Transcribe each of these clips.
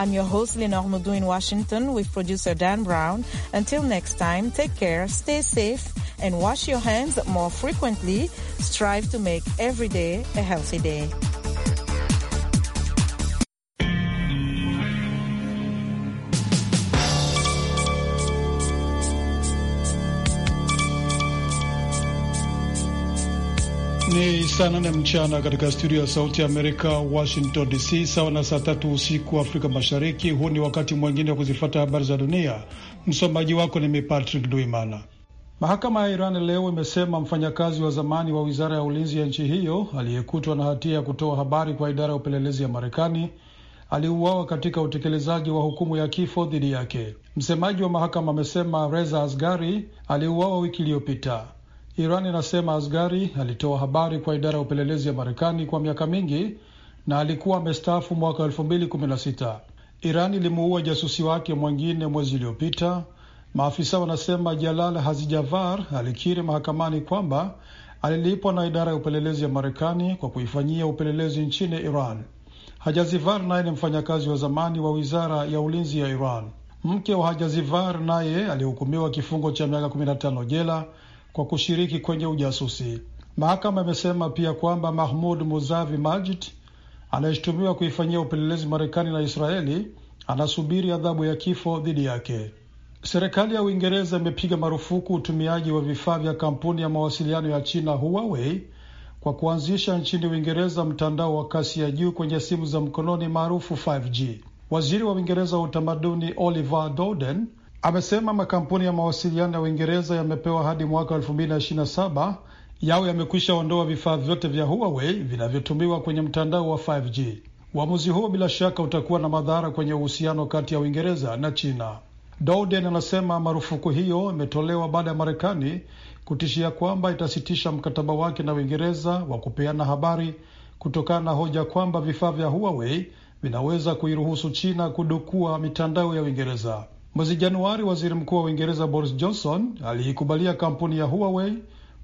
I'm your host, Lenore Mudu in Washington with producer Dan Brown. Until next time, take care, stay safe, and wash your hands more frequently. Strive to make every day a healthy day. Ni saa nane mchana katika studio ya Sauti ya Amerika, Washington DC, sawa na saa tatu usiku Afrika Mashariki. Huu ni wakati mwingine wa kuzifata habari za dunia. Msomaji wako ni Patrick Duimana. Mahakama ya Iran leo imesema mfanyakazi wa zamani wa wizara ya ulinzi ya nchi hiyo aliyekutwa na hatia ya kutoa habari kwa idara ya upelelezi ya Marekani aliuawa katika utekelezaji wa hukumu ya kifo dhidi yake. Msemaji wa mahakama amesema Reza Asgari aliuawa wiki iliyopita. Iran inasema Asgari alitoa habari kwa idara ya upelelezi ya Marekani kwa miaka mingi na alikuwa amestaafu mwaka 2016. Iran ilimuua jasusi wake mwingine mwezi uliopita. Maafisa wanasema Jalal Hazijavar alikiri mahakamani kwamba alilipwa na idara ya upelelezi ya Marekani kwa kuifanyia upelelezi nchini Iran. Hajazivar naye ni mfanyakazi wa zamani wa wizara ya ulinzi ya Iran. Mke wa Hajazivar naye alihukumiwa kifungo cha miaka 15 jela kwa kushiriki kwenye ujasusi. Mahakama imesema pia kwamba Mahmud Muzavi Majid anayeshutumiwa kuifanyia upelelezi Marekani na Israeli anasubiri adhabu ya kifo dhidi yake. Serikali ya Uingereza imepiga marufuku utumiaji wa vifaa vya kampuni ya mawasiliano ya China Huawei kwa kuanzisha nchini Uingereza mtandao wa kasi ya juu kwenye simu za mkononi maarufu 5G. Waziri wa Uingereza wa utamaduni Oliver Dowden Amesema makampuni ya mawasiliano ya Uingereza yamepewa hadi mwaka 2027 yao yamekwisha ondoa vifaa vyote vya Huawei vinavyotumiwa kwenye mtandao wa 5G. Uamuzi huo bila shaka utakuwa na madhara kwenye uhusiano kati ya Uingereza na China. Dowden anasema marufuku hiyo imetolewa baada ya Marekani kutishia kwamba itasitisha mkataba wake na Uingereza wa kupeana habari kutokana na hoja kwamba vifaa vya Huawei vinaweza kuiruhusu China kudukua mitandao ya Uingereza. Mwezi Januari, waziri mkuu wa Uingereza Boris Johnson aliikubalia kampuni ya Huawei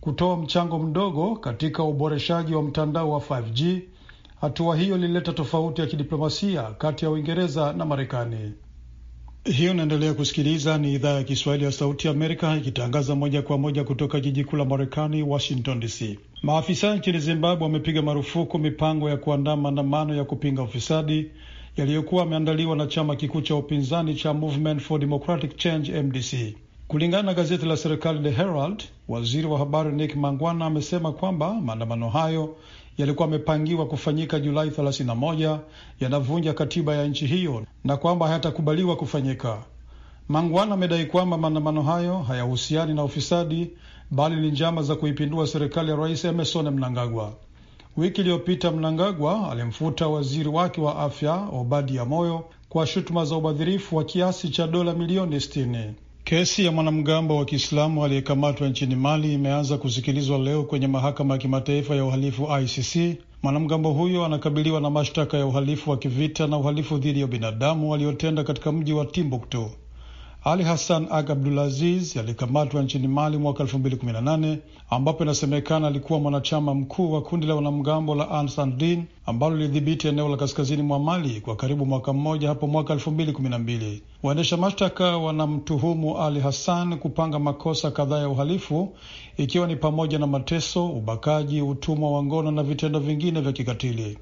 kutoa mchango mdogo katika uboreshaji wa mtandao wa 5G. Hatua hiyo ilileta tofauti ya kidiplomasia kati ya Uingereza na Marekani. Hiyo inaendelea kusikiliza, ni idhaa ya Kiswahili ya Sauti ya Amerika ikitangaza moja kwa moja kutoka jiji kuu la Marekani, Washington DC. Maafisa nchini Zimbabwe wamepiga marufuku mipango ya kuandaa maandamano ya kupinga ufisadi yaliyokuwa yameandaliwa na chama kikuu cha upinzani cha Movement for Democratic Change MDC. Kulingana na gazeti la serikali The Herald, waziri wa habari Nick Mangwana amesema kwamba maandamano hayo yalikuwa yamepangiwa kufanyika Julai 31 yanavunja katiba ya nchi hiyo na kwamba hayatakubaliwa kufanyika. Mangwana amedai kwamba maandamano hayo hayahusiani na ufisadi bali ni njama za kuipindua serikali ya Rais Emerson Mnangagwa. Wiki iliyopita Mnangagwa alimfuta waziri wake wa afya Obadia Moyo kwa shutuma za ubadhirifu wa kiasi cha dola milioni sitini. Kesi ya mwanamgambo wa Kiislamu aliyekamatwa nchini Mali imeanza kusikilizwa leo kwenye mahakama ya kimataifa ya uhalifu ICC. Mwanamgambo huyo anakabiliwa na mashtaka ya uhalifu wa kivita na uhalifu dhidi ya binadamu aliyotenda katika mji wa Timbuktu. Ali Hassan Ag Abdulaziz alikamatwa nchini Mali mwaka 2018 ambapo inasemekana alikuwa mwanachama mkuu wa kundi la wanamgambo la Ansardin ambalo lilidhibiti eneo la kaskazini mwa Mali kwa karibu mwaka mmoja hapo mwaka 2012. Waendesha mashtaka wanamtuhumu Ali Hassan kupanga makosa kadhaa ya uhalifu ikiwa ni pamoja na mateso, ubakaji, utumwa wa ngono na vitendo vingine vya kikatili.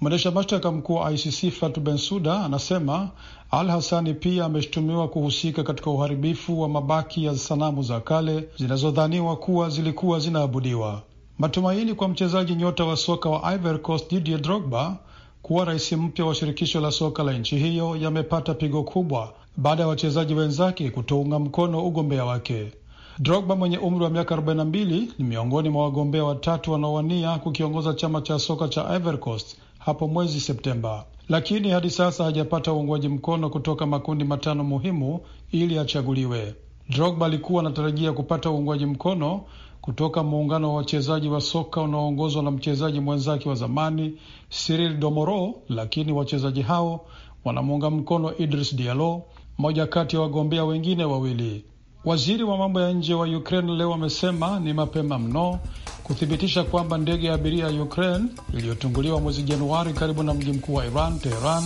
Mwendesha mashtaka mkuu wa ICC fatu bensuda anasema Al Hasani pia ameshutumiwa kuhusika katika uharibifu wa mabaki ya sanamu za kale zinazodhaniwa kuwa zilikuwa zinaabudiwa. Matumaini kwa mchezaji nyota wa soka wa Ivory Coast Didier Drogba kuwa rais mpya wa shirikisho la soka la nchi hiyo yamepata pigo kubwa baada ya wachezaji wenzake kutounga mkono ugombea wake. Drogba mwenye umri wa miaka 42 ni miongoni mwa wagombea watatu wanaowania kukiongoza chama cha soka cha Ivory Coast hapo mwezi Septemba, lakini hadi sasa hajapata uungwaji mkono kutoka makundi matano muhimu ili achaguliwe. Drogba alikuwa anatarajia kupata uungwaji mkono kutoka muungano wa wachezaji wa soka unaoongozwa na mchezaji mwenzake wa zamani Cyril Domoro, lakini wachezaji hao wanamuunga mkono Idris Diallo, moja kati ya wagombea wengine wawili. Waziri wa mambo ya nje wa Ukraine leo amesema ni mapema mno kuthibitisha kwamba ndege ya abiria ya Ukraine iliyotunguliwa mwezi Januari karibu na mji mkuu wa Iran, Teheran,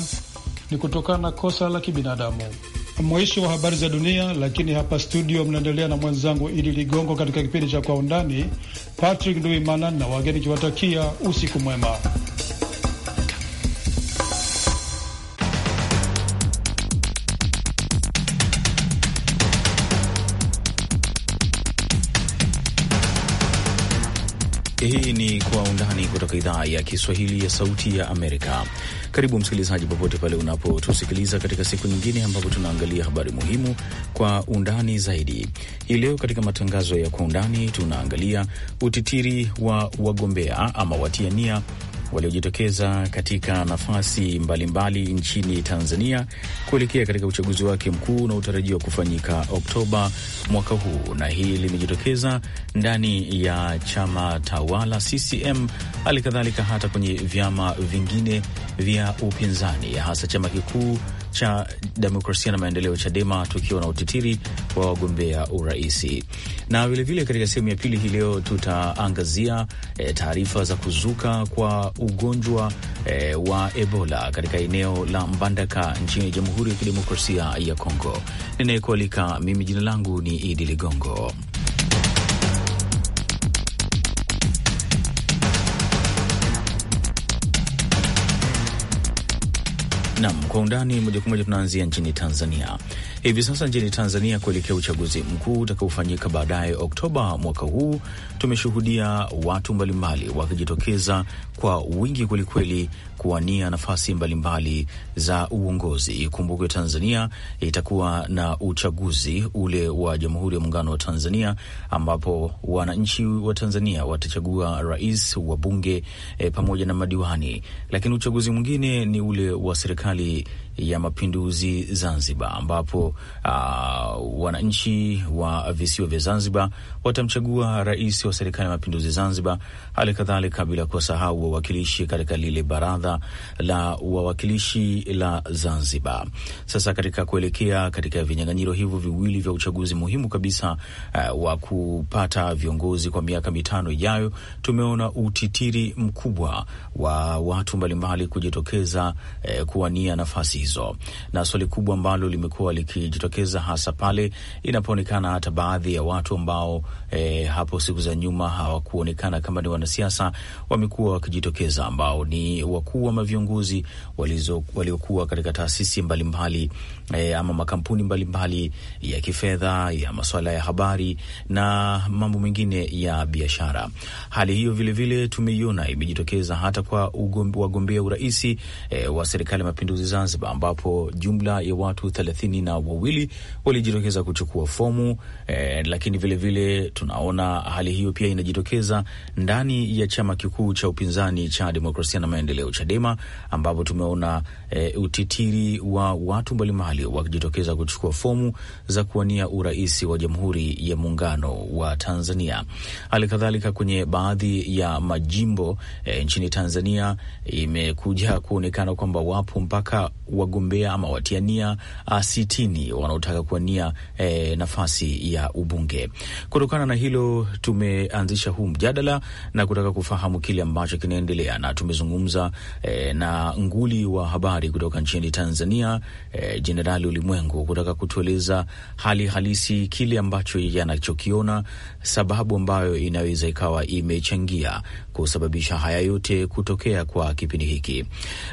ni kutokana na kosa la kibinadamu. Mwisho wa habari za dunia, lakini hapa studio mnaendelea na mwenzangu Idi Ligongo katika kipindi cha Kwa Undani. Patrick Nduimana na wageni kiwatakia usiku mwema. Hii ni Kwa Undani kutoka idhaa ya Kiswahili ya Sauti ya Amerika. Karibu msikilizaji, popote pale unapotusikiliza katika siku nyingine ambapo tunaangalia habari muhimu kwa undani zaidi. Hii leo katika matangazo ya Kwa Undani tunaangalia utitiri wa wagombea ama watiania waliojitokeza katika nafasi mbalimbali mbali nchini Tanzania kuelekea katika uchaguzi wake mkuu unaotarajiwa kufanyika Oktoba mwaka huu, na hii limejitokeza ndani ya chama tawala CCM, hali kadhalika hata kwenye vyama vingine vya upinzani, hasa chama kikuu cha Demokrasia na Maendeleo, CHADEMA, tukiwa na utitiri wa wagombea uraisi. Na vilevile katika sehemu ya pili hii leo tutaangazia e, taarifa za kuzuka kwa ugonjwa e, wa Ebola katika eneo la Mbandaka nchini Jamhuri ya Kidemokrasia ya Kongo. Ninayekualika mimi, jina langu ni Idi Ligongo. Nam kwa undani moja kwa moja, tunaanzia nchini Tanzania. Hivi sasa nchini Tanzania, kuelekea uchaguzi mkuu utakaofanyika baadaye Oktoba mwaka huu, tumeshuhudia watu mbalimbali wakijitokeza kwa wingi kwelikweli kuwania nafasi mbalimbali za uongozi. Ikumbukwe Tanzania itakuwa na uchaguzi ule wa Jamhuri ya Muungano wa Tanzania, ambapo wananchi wa Tanzania watachagua rais, wabunge e, pamoja na madiwani, lakini uchaguzi mwingine ni ule wa serikali 那里。ya Mapinduzi Zanzibar, ambapo uh, wananchi wa visiwa vya Zanzibar watamchagua rais wa serikali ya mapinduzi Zanzibar, hali kadhalika bila kuwasahau wawakilishi katika lile baraza la wawakilishi la Zanzibar. Sasa katika kuelekea katika vinyang'anyiro hivyo viwili vya uchaguzi muhimu kabisa uh, wa kupata viongozi kwa miaka mitano ijayo, tumeona utitiri mkubwa wa watu mbalimbali kujitokeza uh, kuwania nafasi hizo, na swali kubwa ambalo limekuwa likijitokeza hasa pale inapoonekana hata baadhi ya watu ambao e, hapo siku za nyuma hawakuonekana kama ni wanasiasa wamekuwa wakijitokeza, ambao ni wakuu ama viongozi waliokuwa katika taasisi mbalimbali e, ama makampuni mbalimbali mbali, ya kifedha ya masuala ya habari na mambo mengine ya biashara. Hali hiyo vilevile tumeiona imejitokeza hata kwa wagombea uraisi e, eh, wa serikali ya mapinduzi Zanzibar ambapo jumla ya watu thelathini na wawili walijitokeza kuchukua fomu eh, lakini vilevile vile, tunaona hali hiyo pia inajitokeza ndani ya chama kikuu cha upinzani cha demokrasia na maendeleo Chadema, ambapo tumeona eh, utitiri wa watu mbalimbali wakijitokeza kuchukua fomu za kuwania urais wa Jamhuri ya Muungano wa Tanzania. Hali kadhalika kwenye baadhi ya majimbo eh, nchini Tanzania imekuja kuonekana kwamba wapo mpaka wagombea ama watiania uh, ah, sitini wanaotaka kuwania eh, nafasi ya ubunge. Kutokana na hilo, tumeanzisha huu mjadala na kutaka kufahamu kile ambacho kinaendelea, na tumezungumza eh, na nguli wa habari kutoka nchini Tanzania eh, Jenerali Ulimwengu kutaka kutueleza hali halisi, kile ambacho yanachokiona, sababu ambayo inaweza ikawa imechangia kusababisha haya yote kutokea kwa kipindi hiki.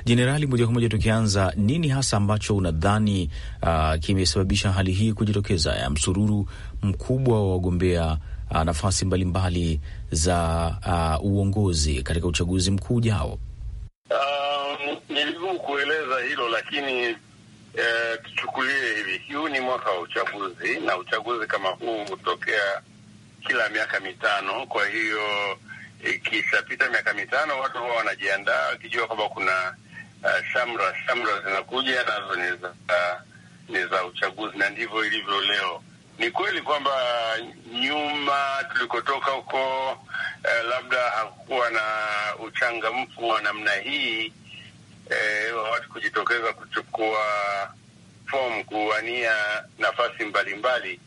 Jenerali, moja kwa moja tukianza, nini hasa ambacho unadhani uh, kimesababisha hali hii kujitokeza ya msururu mkubwa wa wagombea uh, nafasi mbalimbali za uh, uongozi katika uchaguzi mkuu ujao? Um, kueleza hilo lakini E, tuchukulie hivi, huu ni mwaka wa uchaguzi na uchaguzi kama huu hutokea kila miaka mitano. Kwa hiyo ikishapita miaka mitano watu huwa wanajiandaa wakijua kwamba kuna uh, shamra shamra zinakuja nazo ni za uh, za uchaguzi, na ndivyo ilivyo leo. Ni kweli kwamba nyuma tulikotoka huko, uh, labda hakukuwa na uchangamfu wa namna hii wa uh, eh, watu kujitokeza kuchukua fomu kuwania nafasi mbalimbali mbali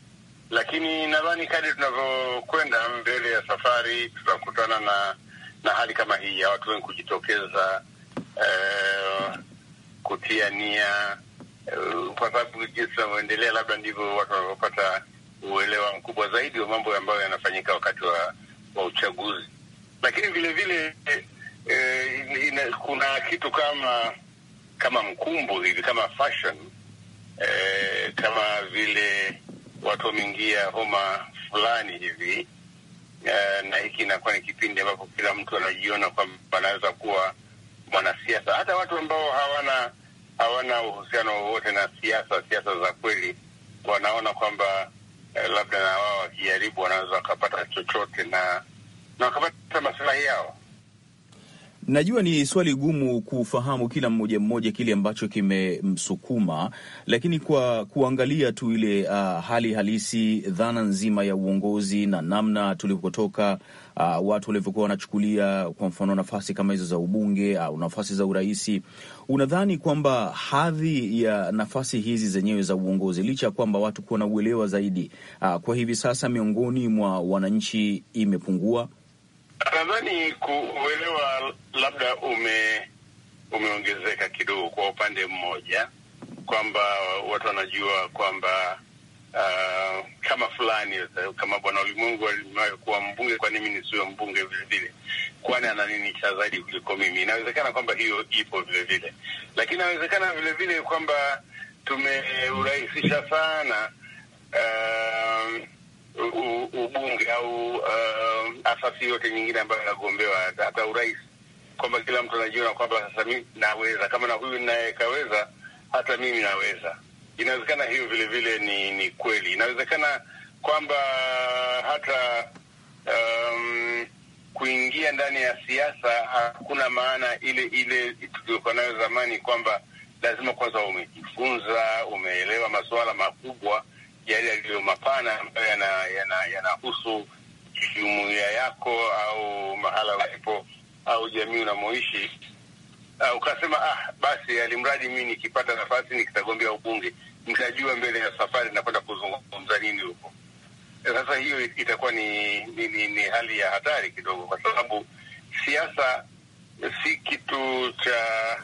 lakini nadhani kadri tunavyokwenda mbele ya safari tutakutana na na hali kama hii ya watu wengi kujitokeza uh, kutia nia uh, kwa sababu jinsi tunavyoendelea, labda ndivyo watu wanavyopata uelewa mkubwa zaidi wa mambo ambayo yanafanyika wakati wa, wa uchaguzi. Lakini vilevile eh, ina, kuna kitu kama kama mkumbo hivi kama fashion eh, kama vile watu wameingia homa fulani hivi e, na hiki inakuwa ni kipindi ambapo kila mtu anajiona kwamba anaweza kuwa mwanasiasa, hata watu ambao hawana hawana uhusiano wowote na siasa, siasa za kweli, wanaona kwamba eh, labda na wao wakijaribu wanaweza wakapata chochote na na wakapata masilahi yao najua ni swali gumu kufahamu kila mmoja mmoja kile ambacho kimemsukuma, lakini kwa kuangalia tu ile uh, hali halisi, dhana nzima ya uongozi na namna tulivyotoka, uh, watu walivyokuwa wanachukulia kwa mfano nafasi kama hizo za ubunge au ah, nafasi za uraisi, unadhani kwamba hadhi ya nafasi hizi zenyewe za uongozi, licha ya kwamba watu kuwa na uelewa zaidi, uh, kwa hivi sasa miongoni mwa wananchi imepungua? Nadhani kuuelewa labda ume umeongezeka kidogo kwa upande mmoja, kwamba watu wanajua kwamba uh, kama fulani kama Bwana Ulimwengu alimewahi kuwa mbunge, kwani mi nisiwe mbunge vilevile? Kwani ana nini cha zaidi kuliko mimi? Inawezekana kwamba hiyo ipo vilevile, lakini inawezekana vilevile kwamba tumeurahisisha sana uh, ubunge au uh, um, afasi yote nyingine ambayo anagombewa hata urais, kwamba kila mtu anajiona kwamba sasa mi naweza, kama na huyu naye kaweza, hata mimi naweza. Inawezekana hiyo vile vile ni, ni kweli. Inawezekana kwamba hata um, kuingia ndani ya siasa hakuna maana ile ile tuliokuwa nayo zamani, kwamba lazima kwanza umejifunza, umeelewa masuala makubwa yale yaliyo mapana ambayo yanahusu yana, yana jumuiya yako au mahala ulipo au jamii unamoishi, uh, ukasema ah, basi alimradi mi nikipata nafasi nikitagombea ubunge nitajua mbele ya safari nakwenda kuzungumza nini huko. Eh, sasa hiyo itakuwa ni, ni, ni, ni hali ya hatari kidogo, kwa sababu siasa si kitu cha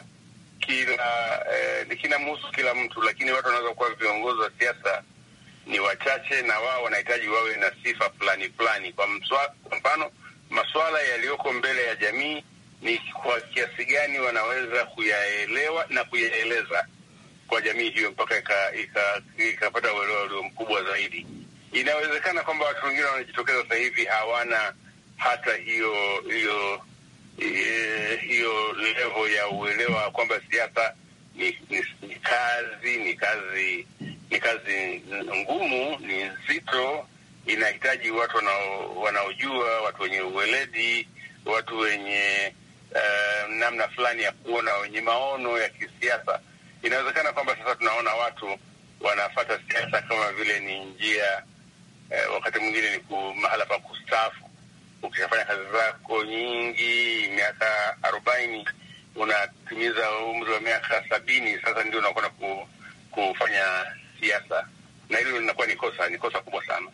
kila eh, kinamhusu kila mtu, lakini watu wanaweza kuwa viongozi wa siasa ni wachache, na wao wanahitaji wawe na sifa fulani fulani. Kwa mfano, masuala yaliyoko mbele ya jamii ni kwa kiasi gani wanaweza kuyaelewa na kuyaeleza kwa jamii hiyo mpaka ikapata uelewa ulio mkubwa zaidi. Inawezekana kwamba watu wengine wanajitokeza sasa hivi hawana hata hiyo hiyo hiyo levo ya uelewa kwamba siasa ni, ni, ni kazi ni kazi ni kazi ngumu, ni nzito, inahitaji watu wanaojua, watu wenye uweledi, watu wenye uh, namna fulani ya kuona, wenye maono ya kisiasa. Inawezekana kwamba sasa tunaona watu wanafata siasa kama vile ni njia eh, wakati mwingine ni mahala pa kustafu. Ukishafanya kazi zako nyingi miaka arobaini, unatimiza umri wa miaka sabini, sasa ndio unakwenda ku, kufanya siasa, na hilo linakuwa ni kosa, ni kosa kubwa sana.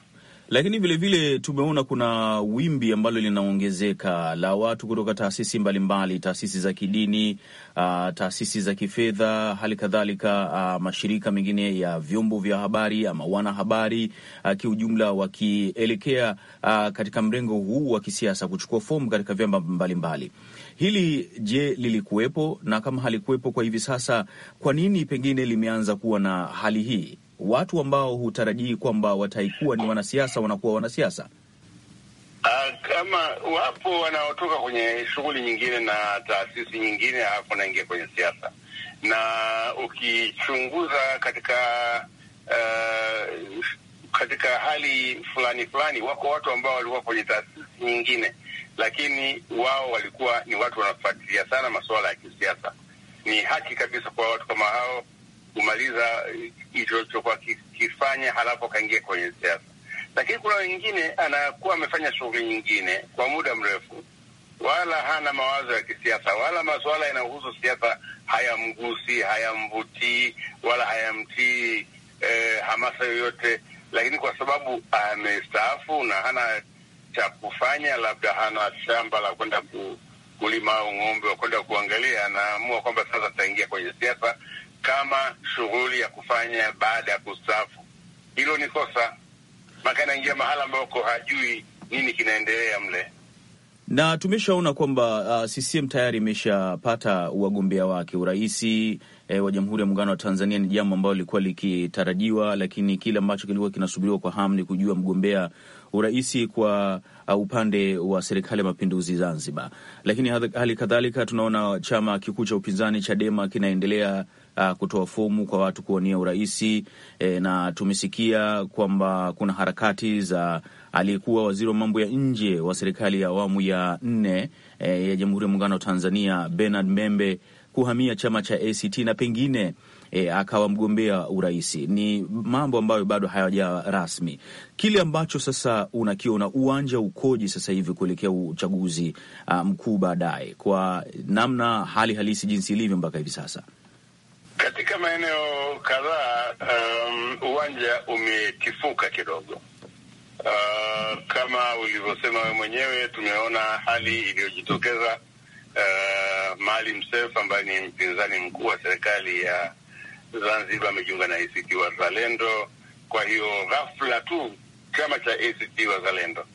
Lakini vilevile tumeona kuna wimbi ambalo linaongezeka la watu kutoka taasisi mbalimbali, taasisi za kidini, uh, taasisi za kifedha, hali kadhalika uh, mashirika mengine ya vyombo vya habari ama wanahabari uh, kiujumla, wakielekea uh, katika mrengo huu wa kisiasa kuchukua fomu katika vyama mbalimbali mbali. Hili je, lilikuwepo? Na kama halikuwepo kwa hivi sasa, kwa nini pengine limeanza kuwa na hali hii? Watu ambao hutarajii kwamba wataikuwa ni wanasiasa wanakuwa wanasiasa. Uh, kama wapo wanaotoka kwenye shughuli nyingine na taasisi nyingine halafu wanaingia kwenye siasa, na ukichunguza katika uh, katika hali fulani fulani, wako watu ambao walikuwa kwenye taasisi nyingine lakini wao walikuwa ni watu wanafuatilia sana masuala ya kisiasa. Ni haki kabisa kwa watu kama hao kumaliza eh, hicho alichokuwa kifanya, halafu akaingia kwenye siasa. Lakini kuna wengine anakuwa amefanya shughuli nyingine kwa muda mrefu, wala hana mawazo ya kisiasa, wala masuala yanayohusu siasa hayamgusi, hayamvutii, wala hayamtii eh, hamasa yoyote, lakini kwa sababu amestaafu na hana cha kufanya, labda hana shamba la kwenda ku, kulima au ng'ombe wa kwenda kuangalia, anaamua kwamba sasa ataingia kwenye siasa kama shughuli ya kufanya baada ya kustaafu. Hilo ni kosa, maka anaingia mahala ambako hajui nini kinaendelea mle na tumeshaona kwamba uh, CCM tayari imeshapata wagombea wake uraisi e, wa Jamhuri ya Muungano wa Tanzania. Ni jambo ambalo lilikuwa likitarajiwa, lakini kile ambacho kilikuwa kinasubiriwa kwa hamu ni kujua mgombea uraisi kwa uh, upande wa serikali ya mapinduzi Zanzibar, lakini hali kadhalika tunaona chama kikuu cha upinzani Chadema kinaendelea uh, kutoa fomu kwa watu kuwania urahisi e, na tumesikia kwamba kuna harakati za aliyekuwa waziri wa mambo ya nje wa serikali ya awamu ya nne e, ya Jamhuri ya Muungano wa Tanzania Bernard Membe kuhamia chama cha ACT na pengine e, akawa mgombea urais. Ni mambo ambayo bado hayaja rasmi. Kile ambacho sasa unakiona uwanja ukoje sasa hivi kuelekea uchaguzi uh, mkuu baadaye, kwa namna hali halisi jinsi ilivyo mpaka hivi sasa katika maeneo kadhaa um, uwanja umetifuka kidogo. Uh, kama ulivyosema wewe mwenyewe, tumeona hali iliyojitokeza uh, Maalim Seif ambaye ni mpinzani mkuu wa serikali ya Zanzibar amejiunga na ACT Wazalendo. Kwa hiyo ghafla tu chama cha ACT Wazalendo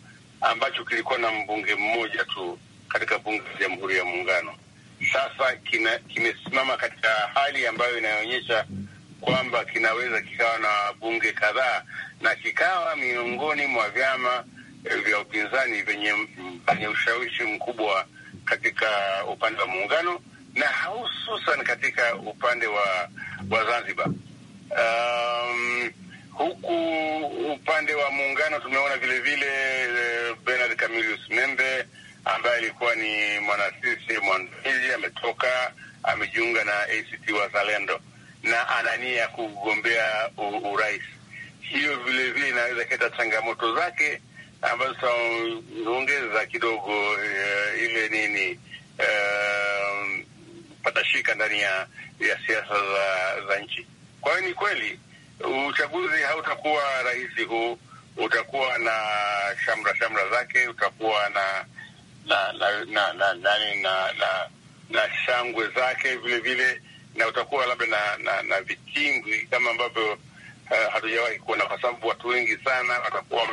ambacho kilikuwa na mbunge mmoja tu katika bunge la Jamhuri ya Muungano sasa kina, kimesimama katika hali ambayo inaonyesha kwamba kinaweza kikawa na bunge kadhaa na kikawa miongoni mwa vyama vya upinzani vyenye ushawishi mkubwa katika upande wa muungano na hususan katika upande wa, wa Zanzibar. Um, huku upande wa muungano tumeona vilevile uh, eh, Bernard Camillus Membe ambaye alikuwa ni mwanasisi mwandamizi ametoka amejiunga na ACT Wazalendo na ana nia ya kugombea urais. Hiyo vilevile inaweza kuleta changamoto zake ambazo zitaongeza kidogo uh, ile nini uh, patashika ndani ya, ya siasa za, za nchi. Kwa hiyo ni kweli uchaguzi hautakuwa rahisi huu, utakuwa na shamra shamra zake, utakuwa na na na na na, na, na, na, na shangwe zake vile vile, na utakuwa labda na, na, na vitingwi kama ambavyo uh, hatujawahi kuona, kwa sababu watu wengi sana watakuwa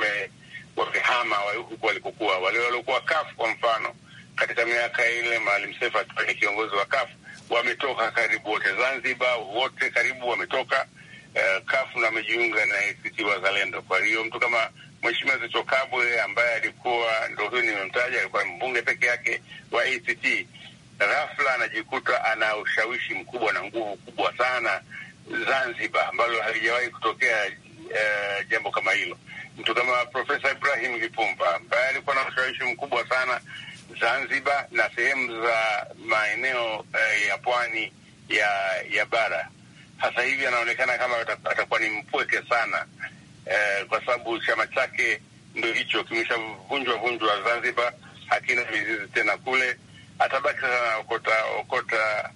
wamehama huku walikokuwa wale waliokuwa kafu kwa mfano katika miaka ile Maalim Seif akiwa ni kiongozi wa kafu wametoka karibu wote Zanzibar, wote karibu wametoka uh, eh, kafu na amejiunga na ACT Wazalendo. Kwa hiyo mtu kama Mheshimiwa Zitto Kabwe ambaye alikuwa ndo huyu nimemtaja, alikuwa mbunge peke yake wa ACT, ghafla anajikuta ana ushawishi mkubwa na nguvu kubwa sana Zanzibar, ambalo halijawahi kutokea uh, jambo kama hilo. Mtu kama Profesa Ibrahim Lipumba ambaye alikuwa na ushawishi mkubwa sana Zanzibar na sehemu za maeneo eh, ya pwani ya ya bara. Sasa hivi anaonekana kama atakuwa ni mpweke sana eh, kwa sababu chama chake ndo hicho kimeshavunjwa vunjwa Zanzibar, hakina mizizi tena kule. Atabaki sana okota okota,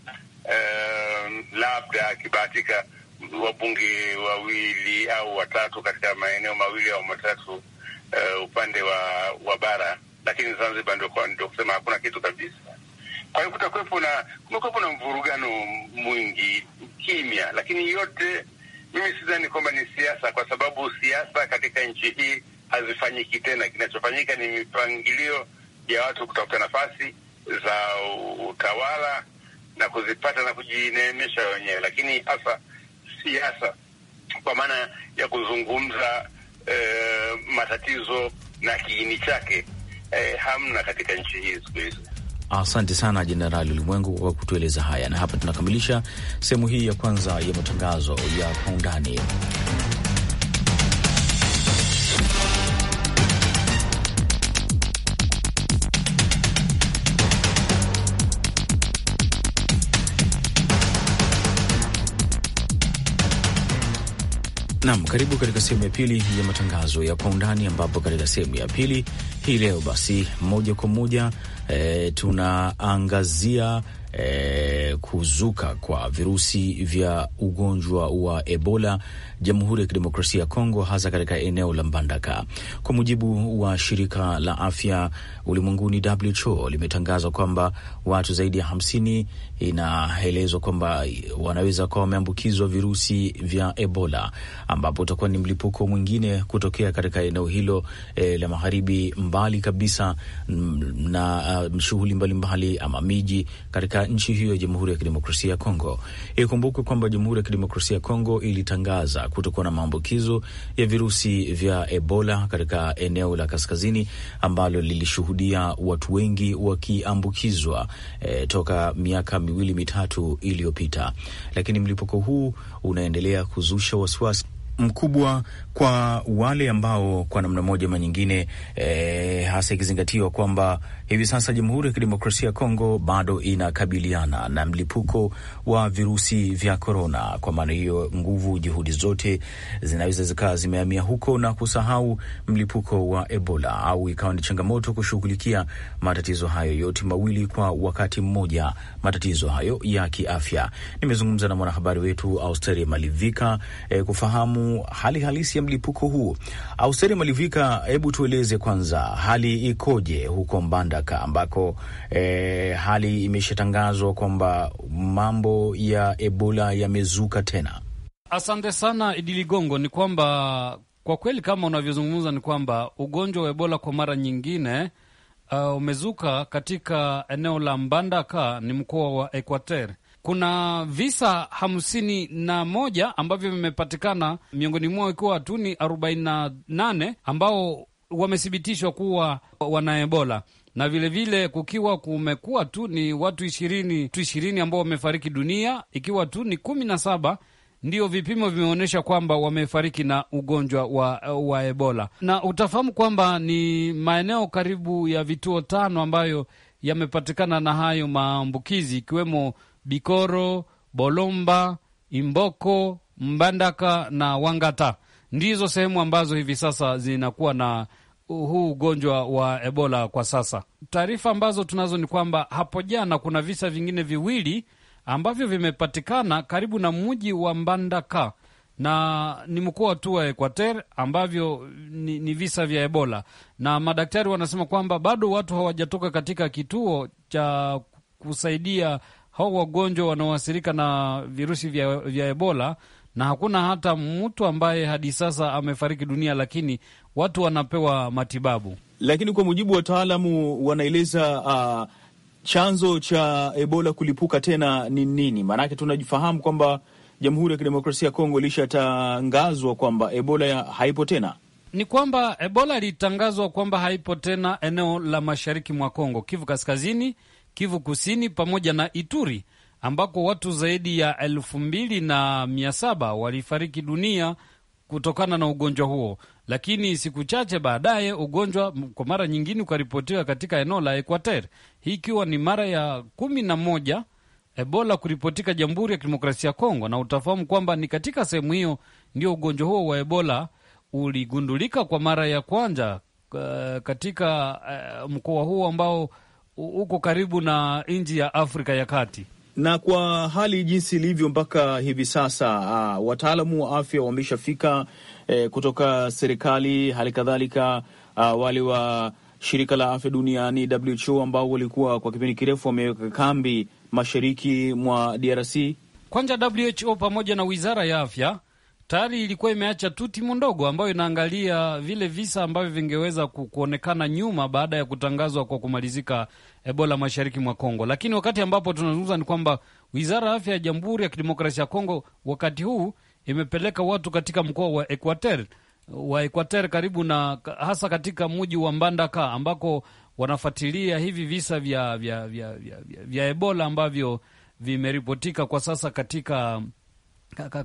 eh, labda akibahatika wabunge wawili au watatu katika maeneo mawili au matatu uh, upande wa, wa bara lakini Zanzibar ndio kusema hakuna kitu kabisa. Kwa hiyo kutakuwepo na kumekuwepo na mvurugano mwingi kimya, lakini yote mimi sidhani kwamba ni siasa, kwa sababu siasa katika nchi hii hazifanyiki tena. Kinachofanyika ni mipangilio ya watu kutafuta nafasi za utawala na kuzipata na kujineemesha wenyewe, lakini hasa siasa kwa maana ya kuzungumza eh, matatizo na kiini chake eh, hamna katika nchi hii siku hizi. Asante sana Jenerali Ulimwengu kwa kutueleza haya, na hapa tunakamilisha sehemu hii ya kwanza ya matangazo ya kwa undani. Nam, karibu katika sehemu ya pili ya matangazo ya kwa undani, ambapo katika sehemu ya pili hii leo basi moja kwa moja e, tunaangazia e, kuzuka kwa virusi vya ugonjwa wa Ebola Jamhuri ya Kidemokrasia ya Kongo, hasa katika eneo la Mbandaka. Kwa mujibu wa shirika la afya ulimwenguni WHO limetangazwa kwamba watu zaidi ya hamsini, inaelezwa kwamba wanaweza kuwa wameambukizwa virusi vya Ebola, ambapo utakuwa ni mlipuko mwingine kutokea katika eneo hilo e, la magharibi mbali kabisa mm, na uh, shughuli mbalimbali ama miji katika nchi hiyo ya Jamhuri ya Kidemokrasia ya Kongo. Ikumbukwe kwamba Jamhuri ya Kidemokrasia ya Kongo ilitangaza kutokuwa na maambukizo ya virusi vya Ebola katika eneo la kaskazini ambalo lilishuhudia watu wengi wakiambukizwa e, toka miaka miwili mitatu iliyopita, lakini mlipuko huu unaendelea kuzusha wasiwasi mkubwa kwa wale ambao kwa namna moja ama nyingine, e, hasa ikizingatiwa kwamba Hivi sasa Jamhuri ya Kidemokrasia ya Kongo bado inakabiliana na mlipuko wa virusi vya korona. Kwa maana hiyo, nguvu, juhudi zote zinaweza zikawa zimehamia huko na kusahau mlipuko wa Ebola, au ikawa ni changamoto kushughulikia matatizo hayo yote mawili kwa wakati mmoja, matatizo hayo ya kiafya. Nimezungumza na mwanahabari wetu Austeri Malivika eh, kufahamu hali halisi ya mlipuko huu. Austeri Malivika, hebu tueleze kwanza hali ikoje huko Mbanda mamlaka ambako e, hali imeshatangazwa kwamba mambo ya Ebola yamezuka tena. Asante sana Idi Ligongo. Ni kwamba kwa kweli kama unavyozungumza ni kwamba ugonjwa wa Ebola kwa mara nyingine uh, umezuka katika eneo la Mbandaka, ni mkoa wa Equateur. Kuna visa hamsini na moja ambavyo vimepatikana, miongoni mwao ikiwa tu ni arobaini na nane ambao wamethibitishwa kuwa wana Ebola na vilevile vile kukiwa kumekuwa tu ni watu ishirini tu ishirini ambao wamefariki dunia, ikiwa tu ni kumi na saba ndio vipimo vimeonyesha kwamba wamefariki na ugonjwa wa, wa Ebola. Na utafahamu kwamba ni maeneo karibu ya vituo tano ambayo yamepatikana na hayo maambukizi ikiwemo Bikoro, Bolomba, Imboko, Mbandaka na Wangata. Ndizo sehemu ambazo hivi sasa zinakuwa na huu ugonjwa wa Ebola kwa sasa. Taarifa ambazo tunazo ni kwamba hapo jana kuna visa vingine viwili ambavyo vimepatikana karibu na mji wa Mbandaka na ni mkoa tu wa Equateur ambavyo ni, ni visa vya Ebola, na madaktari wanasema kwamba bado watu hawajatoka katika kituo cha kusaidia hao wagonjwa wanaoathirika na virusi vya, vya Ebola na hakuna hata mtu ambaye hadi sasa amefariki dunia, lakini watu wanapewa matibabu. Lakini kwa mujibu wa wataalamu wanaeleza uh, chanzo cha Ebola kulipuka tena ni nini? Maanake tunajifahamu kwamba Jamhuri ya Kidemokrasia ya Kongo ilishatangazwa kwamba Ebola haipo tena ni kwamba Ebola ilitangazwa kwamba haipo tena eneo la mashariki mwa Kongo, Kivu Kaskazini, Kivu Kusini pamoja na Ituri, ambako watu zaidi ya elfu mbili na mia saba walifariki dunia kutokana na ugonjwa huo, lakini siku chache baadaye ugonjwa kwa mara nyingine ukaripotiwa katika eneo la Equateur, hii ikiwa ni mara ya kumi na moja Ebola kuripotika Jamhuri ya Kidemokrasia ya Kongo, na utafahamu kwamba ni katika sehemu hiyo ndio ugonjwa huo wa Ebola uligundulika kwa mara ya kwanza eh, katika eh, mkoa huo ambao uko karibu na nchi ya Afrika ya Kati na kwa hali jinsi ilivyo mpaka hivi sasa, uh, wataalamu wa afya wameshafika eh, kutoka serikali, hali kadhalika uh, wale wa shirika la afya duniani WHO ambao walikuwa kwa kipindi kirefu wameweka kambi mashariki mwa DRC. Kwanza WHO pamoja na wizara ya afya tayari ilikuwa imeacha tu timu ndogo ambayo inaangalia vile visa ambavyo vingeweza kuonekana nyuma baada ya kutangazwa kwa kumalizika Ebola mashariki mwa Kongo. Lakini wakati ambapo tunazungumza ni kwamba wizara ya afya ya Jamhuri ya Kidemokrasia ya Kongo wakati huu imepeleka watu katika mkoa wa Equateur wa Equateur karibu na hasa katika mji wa Mbandaka ambako wanafuatilia hivi visa vya, vya, vya, vya, vya Ebola ambavyo vimeripotika kwa sasa katika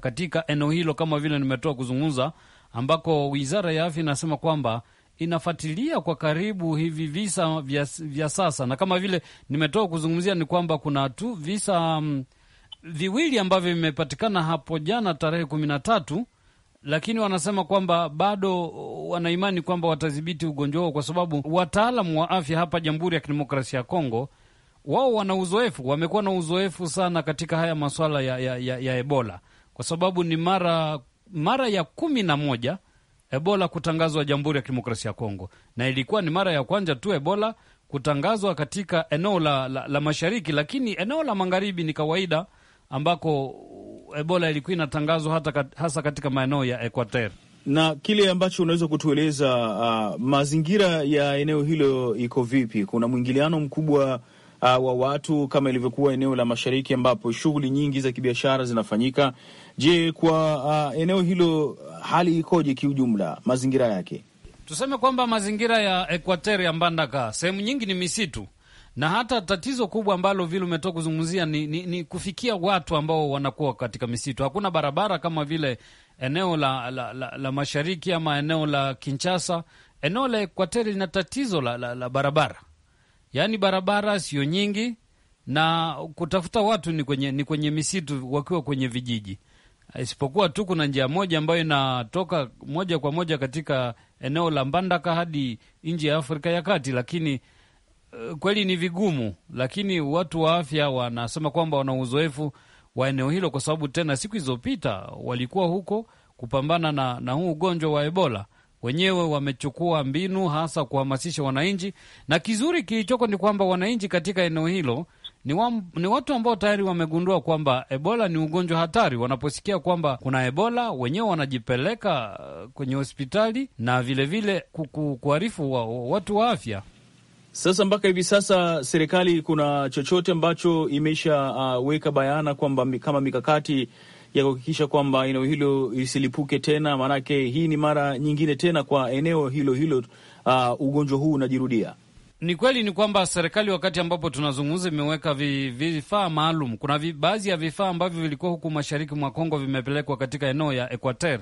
katika eneo hilo, kama vile nimetoa kuzungumza, ambako wizara ya afya inasema kwamba inafuatilia kwa karibu hivi visa vya, vya sasa, na kama vile nimetoa kuzungumzia ni kwamba kuna tu visa um, viwili ambavyo vimepatikana hapo jana tarehe kumi na tatu, lakini wanasema kwamba bado wanaimani kwamba watadhibiti ugonjwa huo, kwa sababu wataalamu wa afya hapa Jamhuri ya Kidemokrasia ya Kongo wao wana uzoefu, wamekuwa na uzoefu sana katika haya maswala ya, ya, ya, ya Ebola kwa sababu ni mara mara ya kumi na moja Ebola kutangazwa Jamhuri ya Kidemokrasia ya Kongo, na ilikuwa ni mara ya kwanza tu Ebola kutangazwa katika eneo la, la, la mashariki, lakini eneo la magharibi ni kawaida ambako Ebola ilikuwa inatangazwa hata kat, hasa katika maeneo ya Equateur. Na kile ambacho unaweza kutueleza uh, mazingira ya eneo hilo iko vipi? Kuna mwingiliano mkubwa uh, wa watu kama ilivyokuwa eneo la mashariki ambapo shughuli nyingi za kibiashara zinafanyika Je, kwa uh, eneo hilo uh, hali ikoje kiujumla, mazingira yake? Tuseme kwamba mazingira ya ekuater ya Mbandaka sehemu nyingi ni misitu na hata tatizo kubwa ambalo vile umetoka kuzungumzia ni, ni, ni kufikia watu ambao wanakuwa katika misitu. Hakuna barabara kama vile eneo la, la, la, la mashariki ama eneo la Kinshasa. Eneo la Ekwateri lina tatizo la, la, la barabara, yaani barabara sio nyingi na kutafuta watu ni kwenye, ni kwenye misitu wakiwa kwenye vijiji. Eh, isipokuwa tu kuna njia moja ambayo inatoka moja kwa moja katika eneo la Mbandaka hadi nji ya Afrika ya Kati, lakini eh, kweli ni vigumu, lakini watu wa afya wanasema kwamba wana uzoefu wa eneo hilo, kwa sababu tena siku zilizopita walikuwa huko kupambana na, na huu ugonjwa wa Ebola. Wenyewe wamechukua mbinu hasa kuhamasisha wananchi, na kizuri kilichoko ni kwamba wananchi katika eneo hilo ni, wa, ni watu ambao tayari wamegundua kwamba Ebola ni ugonjwa hatari. Wanaposikia kwamba kuna Ebola, wenyewe wanajipeleka uh, kwenye hospitali na vilevile kuharifu wa, watu wa afya. Sasa mpaka hivi sasa serikali kuna chochote ambacho imeshaweka uh, bayana kwamba kama mikakati ya kuhakikisha kwamba eneo hilo isilipuke tena, maanake hii ni mara nyingine tena kwa eneo hilo hilo, uh, ugonjwa huu unajirudia. Ni kweli ni kwamba serikali wakati ambapo tunazungumza imeweka vifaa maalum. Kuna baadhi ya vifaa ambavyo vilikuwa huku mashariki mwa Kongo vimepelekwa katika eneo ya Equateur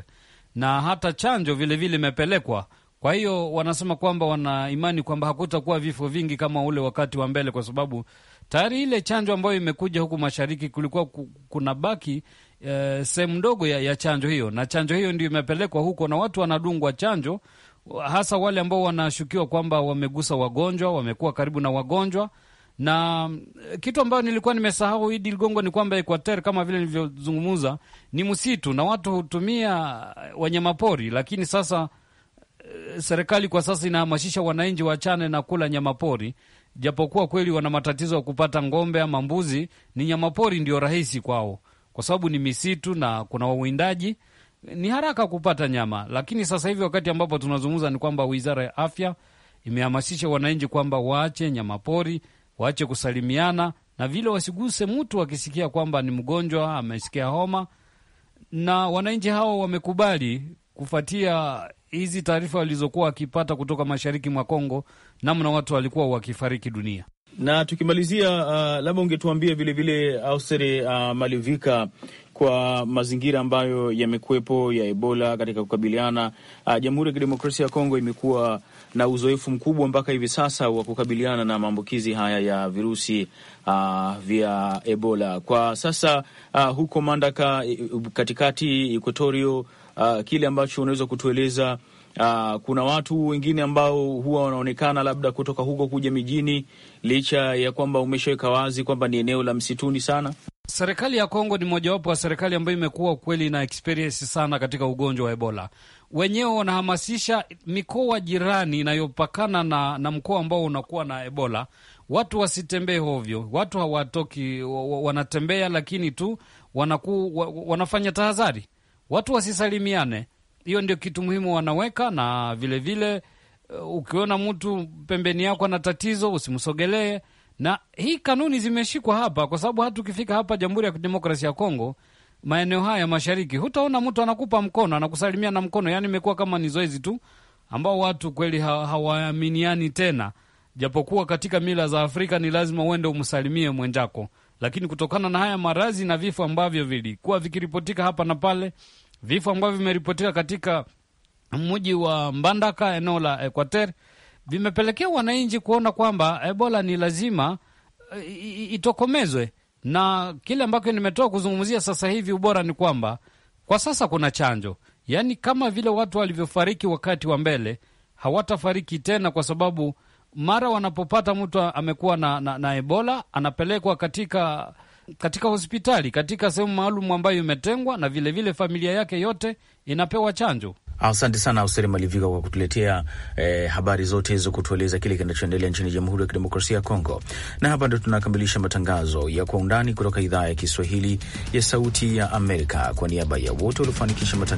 na hata chanjo vilevile imepelekwa vile. Kwa hiyo wanasema kwamba wana imani kwamba hakutakuwa vifo vingi kama ule wakati wa mbele, kwa sababu tayari ile chanjo ambayo imekuja huku mashariki kulikuwa kuna baki eh, sehemu ndogo ya, ya chanjo hiyo, na chanjo hiyo ndio imepelekwa huko na watu wanadungwa chanjo hasa wale ambao wanashukiwa kwamba wamegusa wagonjwa, wamekuwa karibu na wagonjwa. Na eh, kitu ambayo nilikuwa nimesahau Idi Ligongo ni kwamba Equateur kama vile nilivyozungumza ni msitu na watu hutumia eh, wanyamapori, lakini sasa eh, serikali kwa sasa inahamasisha wananchi wachane na kula nyamapori, japokuwa kweli wana matatizo ya kupata ng'ombe ama mbuzi. Ni nyamapori ndio rahisi kwao, kwa sababu ni misitu na kuna wawindaji ni haraka kupata nyama, lakini sasa hivi wakati ambapo tunazungumza ni kwamba wizara ya afya imehamasisha wananchi kwamba waache nyama pori, waache kusalimiana na vile, wasiguse mtu akisikia kwamba ni mgonjwa, amesikia homa. Na wananchi hao wamekubali kufuatia hizi taarifa walizokuwa wakipata kutoka mashariki mwa Kongo, namna watu walikuwa wakifariki dunia na tukimalizia, uh, labda ungetuambia vilevile uh, Austere uh, Malivika, kwa mazingira ambayo yamekuwepo ya Ebola katika kukabiliana, uh, Jamhuri ya Kidemokrasia ya Kongo imekuwa na uzoefu mkubwa mpaka hivi sasa wa kukabiliana na maambukizi haya ya virusi uh, vya Ebola. Kwa sasa uh, huko Mandaka katikati Equatorio, uh, kile ambacho unaweza kutueleza Uh, kuna watu wengine ambao huwa wanaonekana labda kutoka huko kuja mijini licha ya kwamba umeshaweka wazi kwamba ni eneo la msituni sana. Serikali ya Kongo ni mojawapo wa serikali ambayo imekuwa kweli na experience sana katika ugonjwa wa Ebola. Wenyewe wanahamasisha mikoa jirani inayopakana na, na mkoa ambao unakuwa na Ebola, watu wasitembee hovyo. Watu hawatoki wanatembea, lakini tu wanaku, wanafanya tahadhari, watu wasisalimiane. Hiyo ndio kitu muhimu wanaweka, na vilevile vile, eh, ukiona mtu pembeni yako ana tatizo usimsogelee na hii kanuni zimeshikwa hapa, kwa sababu hata ukifika hapa Jamhuri ya Kidemokrasia ya Kongo, maeneo haya mashariki, hutaona mtu anakupa mkono anakusalimia na mkono. Yani imekuwa kama ni zoezi tu ambao watu kweli hawaaminiani tena, japokuwa katika mila za Afrika ni lazima uende umsalimie mwenzako, lakini kutokana na haya marazi na vifo ambavyo vilikuwa vikiripotika hapa na pale, vifo ambavyo vimeripotika katika mji wa Mbandaka eneo la Equateur vimepelekea wananchi kuona kwamba eh, Ebola ni lazima eh, itokomezwe, na kile ambacho nimetoa kuzungumzia sasa hivi, ubora ni kwamba kwa sasa kuna chanjo, yaani kama vile watu walivyofariki wakati wa mbele hawatafariki tena, kwa sababu mara wanapopata mtu amekuwa na, na, na Ebola anapelekwa katika katika hospitali katika sehemu maalum ambayo imetengwa, na vilevile vile familia yake yote inapewa chanjo. Asante sana Auseri Malivika kwa kutuletea eh, habari zote hizo, kutueleza kile kinachoendelea nchini Jamhuri ya Kidemokrasia ya Kongo. Na hapa ndo tunakamilisha matangazo ya Kwa Undani kutoka idhaa ya Kiswahili ya Sauti ya Amerika. Kwa niaba ya wote waliofanikisha